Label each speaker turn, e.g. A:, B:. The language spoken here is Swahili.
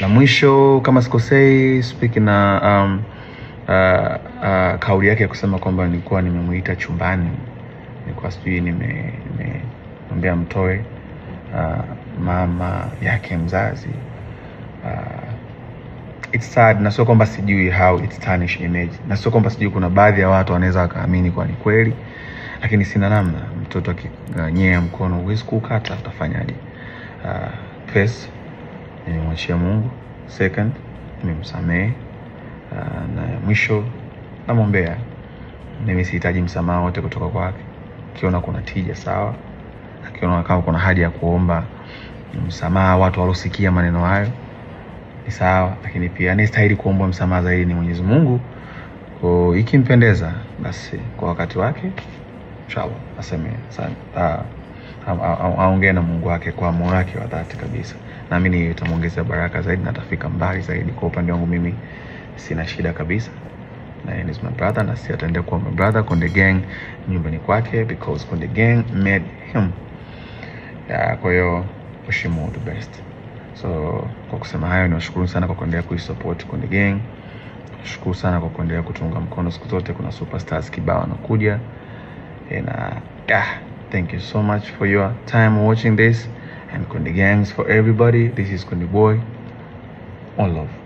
A: na mwisho kama sikosei speak na um, uh, uh, kauli yake ya kusema kwamba nilikuwa nimemuita chumbani, nilikuwa sijui nimeambia mtoe uh, mama yake mzazi uh, it's sad, na sio kwamba sijui how it's tarnish image, na sio kwamba sijui, kuna baadhi ya watu wanaweza wakaamini kwa ni kweli, lakini sina namna. Mtoto akinyea mkono huwezi kuukata, utafanyaje? Uh, face nimemwachia Mungu. Second, nimemsamehe uh, na mwisho namwombea. Mimi sihitaji msamaha wote kutoka kwake. Akiona kuna tija sawa, akiona kama kuna haja ya kuomba msamaha watu walosikia maneno hayo ni sawa, lakini pia stahili kuomba msamaha zaidi ni Mwenyezi Mungu. Kwa ikimpendeza basi kwa wakati wake inshallah aseme sana aongee na Mungu wake kwa moyo wake wa dhati kabisa. Naamini itamwongezea baraka zaidi na atafika mbali zaidi. Kwa upande wangu mimi sina shida kabisa na yeye ni my brother, na si ataendea kuwa my brother. Konde Gang nyumbani kwake because Konde Gang made him. Ya, kwa hiyo heshimu the best. So kwa kusema hayo, niwashukuru sana kwa kuendelea kuisupport Konde Gang. Shukuru sana kwa kuendelea kutunga mkono siku zote. Kuna superstars kibao wanakuja eh, na ah, thank you so much for your time watching this and Kundi gangs for everybody. This is Kundi boy. All love.